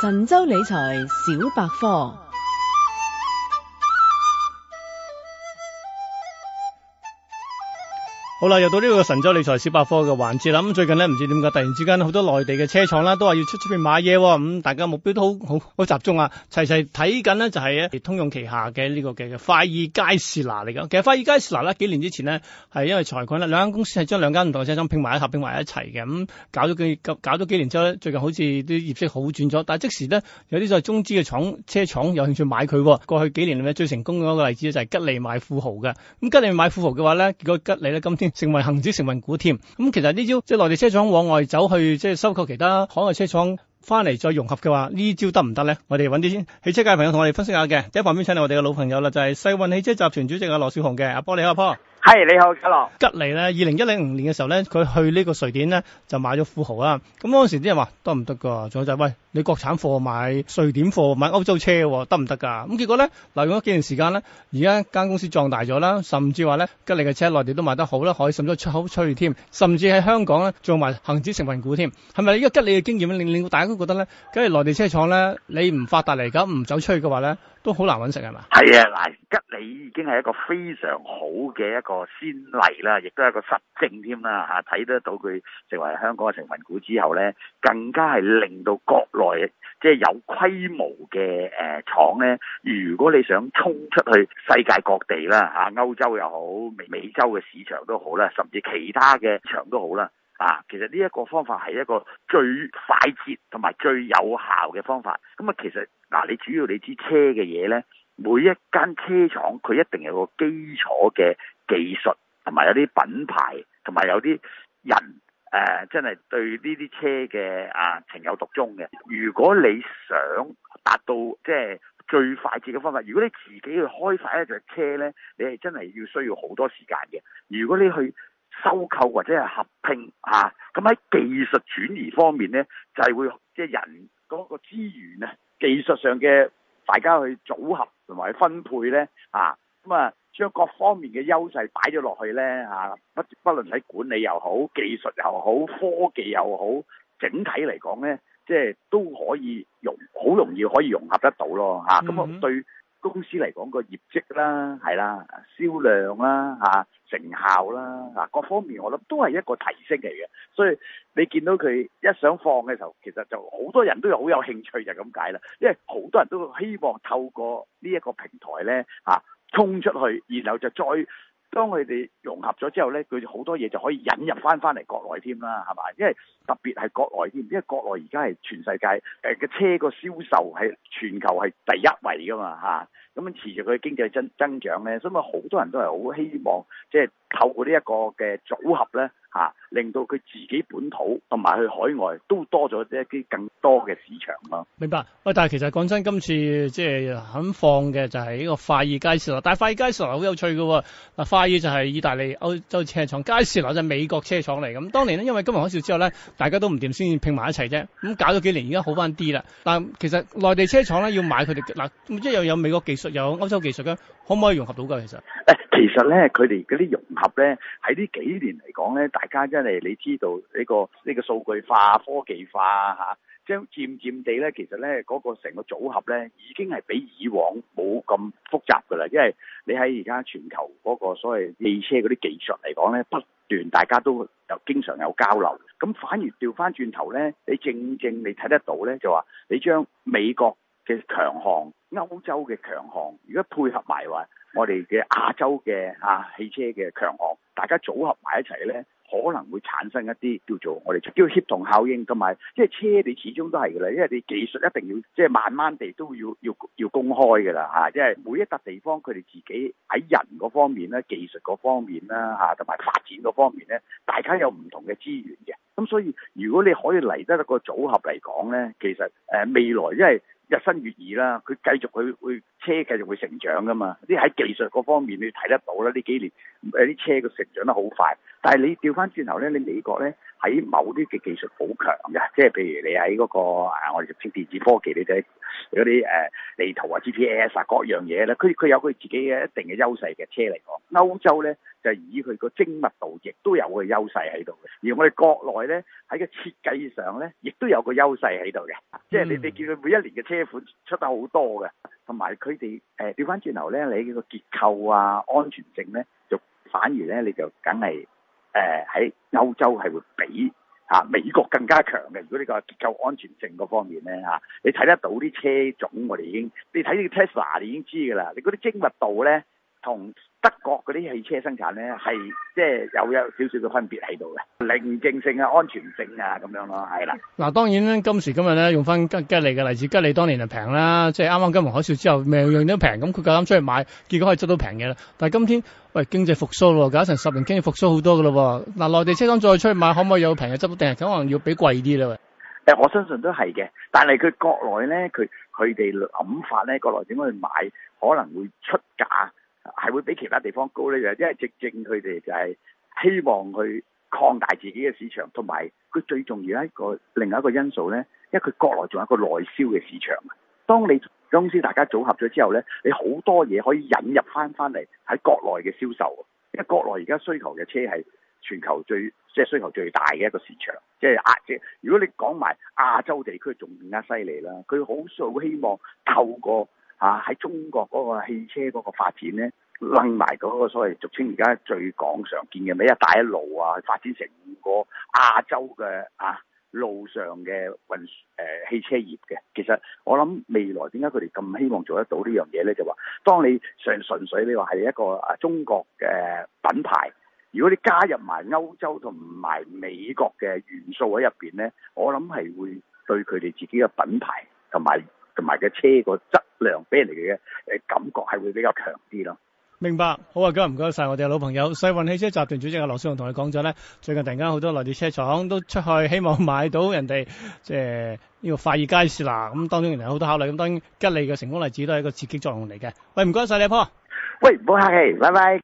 神州理財小百科。好啦，又到呢個神州理財小百科嘅環節啦。咁最近呢，唔知點解突然之間好多內地嘅車廠啦，都話要出出邊買嘢。咁大家目標都好好好集中啊，齊齊睇緊呢就係通用旗下嘅呢個嘅快意佳士拿嚟噶。其實快意佳士拿咧，幾年之前呢係因為財困啦，兩間公司係將兩間唔同嘅車廠拼埋，一合併埋一齊嘅。咁搞咗幾搞咗幾年之後呢，最近好似啲業績好轉咗。但係即時呢，有啲就係中資嘅廠車廠有興趣買佢。過去幾年裏面最成功嘅一個例子就係吉利買富豪嘅。咁吉利買富豪嘅話呢，如果吉利呢，今天。成為恒指成分股添，咁其實呢招即係內地車廠往外走去，即係收購其他海外車廠翻嚟再融合嘅話，行行呢招得唔得咧？我哋搵啲汽車界朋友同我哋分析下嘅。第一，旁邊請嚟我哋嘅老朋友啦，就係、是、世運汽車集團主席阿羅少雄嘅阿波你好阿波，係你好阿羅。吉利咧，二零一零年嘅時候咧，佢去呢個瑞典咧就買咗富豪啦，咁當時啲人話得唔得噶，仲有就係、是、喂。你國產貨買瑞典貨買歐洲車得唔得㗎？咁結果咧，留用咗幾年時間咧，而家間公司壯大咗啦，甚至話咧吉利嘅車內地都賣得好啦，可以甚至出口出去添，甚至喺香港咧做埋恆指成分股添。係咪呢個吉利嘅經驗令令大家都覺得咧，咁而內地車廠咧，你唔發達嚟緊唔走出去嘅話咧，都好難搵食係嘛？係啊，嗱，吉利已經係一個非常好嘅一個先例啦，亦都係一個實證添啦嚇，睇得到佢成為香港嘅成分股之後咧，更加係令到國。內即係有規模嘅誒廠呢，如果你想衝出去世界各地啦，啊歐洲又好、美洲嘅市場都好啦，甚至其他嘅場都好啦，啊其實呢一個方法係一個最快捷同埋最有效嘅方法。咁啊，其實嗱、啊，你主要你知車嘅嘢呢，每一間車廠佢一定有一個基礎嘅技術，同埋有啲品牌，同埋有啲人。誒、啊、真係對呢啲車嘅啊情有獨鍾嘅。如果你想達到即係最快捷嘅方法，如果你自己去開發一隻車呢，你係真係要需要好多時間嘅。如果你去收購或者係合併，咁、啊、喺技術轉移方面呢，就係、是、會即係人嗰個資源呢，技術上嘅大家去組合同埋分配呢。啊咁啊。將各方面嘅優勢擺咗落去呢，不不論喺管理又好、技術又好、科技又好，整體嚟講呢，即係都可以融，好容易可以融合得到咯嚇。咁、mm hmm. 對公司嚟講個業績啦，係啦，銷量啦，成效啦，各方面我諗都係一個提升嚟嘅。所以你見到佢一想放嘅時候，其實就好多人都有好有興趣就咁解啦。因為好多人都希望透過呢一個平台呢。衝出去，然後就再當佢哋融合咗之後呢，佢哋好多嘢就可以引入翻翻嚟國內添啦，係嘛？因為特別係國內添，因為國內而家係全世界誒嘅、呃、車個銷售係全球係第一位㗎嘛，啊咁樣持續佢經濟增增長咧，所以咪好多人都係好希望，即係透過呢一個嘅組合咧，嚇令到佢自己本土同埋去海外都多咗一啲更多嘅市場咯。明白喂，但係其實講真，今次即係肯放嘅就係呢個快意佳士拿，但係快意佳士拿好有趣㗎喎。嗱，快意就係意大利歐洲車廠，佳士拿就係美國車廠嚟。咁當年呢，因為金融海嘯之後咧，大家都唔掂，先至拼埋一齊啫。咁搞咗幾年，而家好翻啲啦。但係其實內地車廠咧，要買佢哋嗱，即有美國技實有歐洲技術嘅，可唔可以融合到㗎？其實誒，其實咧，佢哋嗰啲融合咧，喺呢幾年嚟講咧，大家真係你知道呢、呢個呢、呢個數據化、科技化嚇，將、啊即係、漸漸地咧，其實咧嗰、嗰個成個組合咧，已經係比以往冇咁複雜㗎啦。因為你喺而家全球嗰個所謂汽車嗰啲技術嚟講咧，不斷大家都有經常有交流，咁反而掉返轉頭咧，你正正你睇得到咧，就話你將美國嘅強項，歐洲嘅強項，如果配合埋話我哋嘅亞洲嘅嚇汽車嘅強項，大家組合埋一齊咧，可能會產生一啲叫做我哋叫協同效應。同埋，即係車你始終都係嘅啦，因為你技術一定要即係慢慢地都要要要公開嘅啦嚇，即係每一笪地方佢哋自己喺人嗰方面咧、技術嗰方面啦嚇，同埋發展嗰方面咧，大家有唔同嘅資源嘅，咁所以如果你可以嚟得一個組合嚟講咧，其實誒未來因為日新月異啦，佢繼續佢去會車繼續會成長噶嘛，啲喺技術嗰方面你睇得到啦，呢幾年誒啲車嘅成長得好快，但係你調翻轉頭咧，你美國咧喺某啲嘅技術好強嘅，即係譬如你喺嗰、嗰個啊，我哋稱電子科技，你睇嗰啲誒地圖啊、GPS 啊各樣嘢咧，佢佢有佢自己嘅一定嘅優勢嘅車嚟講，歐洲咧。就以佢個精密度，亦都有個優勢喺度嘅。而我哋國內咧，喺個設計上咧，亦都有個優勢喺度嘅。即係你哋見佢每一年嘅車款出得好多嘅，同埋佢哋誒調翻轉頭咧，你個結構啊安全性咧，就反而咧你就梗係誒喺歐洲係會比啊美國更加強嘅。如果你個結構安全性嗰方面咧嚇、啊，你睇得到啲車種我哋已經，你睇到 Tesla 你已經知㗎啦。你嗰啲精密度咧同。德國嗰啲汽車生產咧，係即係有有少少嘅分別喺度嘅，寧靜性啊、安全性啊咁樣咯，係啦。嗱，當然咧，今時今日咧，用翻吉利嘅，例子，吉利當年就平啦，即係啱啱金融海嘯之後，樣樣都平，咁佢夠膽出去買，結果可以執到平嘅啦。但係今天，喂，經濟復蘇咯，搞成十年經濟復蘇好多嘅咯。嗱，內地車廠再出去買，可唔可以有平嘅執到？定係可能要俾貴啲咧？誒，我相信都係嘅，但係佢國內咧，佢佢哋諗法咧，國內點樣去買，可能會出價。係會比其他地方高呢樣，因為直正佢哋就係希望去擴大自己嘅市場，同埋佢最重要的一個另外一個因素咧，因為佢國內仲有一個內銷嘅市場。當你公司大家組合咗之後咧，你好多嘢可以引入翻翻嚟喺國內嘅銷售。因為國內而家需求嘅車係全球最即係需求最大嘅一個市場，即係亞即係如果你講埋亞洲地區仲更加犀利啦。佢好想希望透過。啊！喺中國嗰個汽車嗰個發展咧，掄埋嗰個所謂俗稱而家最廣常見嘅咩一帶一路啊，發展成個亞洲嘅啊路上嘅運、呃、汽車業嘅。其實我諗未來點解佢哋咁希望做得到這呢樣嘢咧？就話當你上純粹你話係一個啊中國嘅品牌，如果你加入埋歐洲同埋美國嘅元素喺入面咧，我諗係會對佢哋自己嘅品牌同埋。同埋個車個質量俾人哋嘅、誒感覺係會比較強啲咯。明白，好啊，今日唔該晒我哋嘅老朋友世運汽車集團主席嘅羅少雄，同你講咗咧，最近突然間好多內地車廠都出去希望買到人哋即係呢個快意佳士拿啦。咁當中原來好多考慮，咁當然吉利嘅成功例子都係一個刺激作用嚟嘅。喂，唔該晒你阿婆，喂，唔好客氣，拜拜。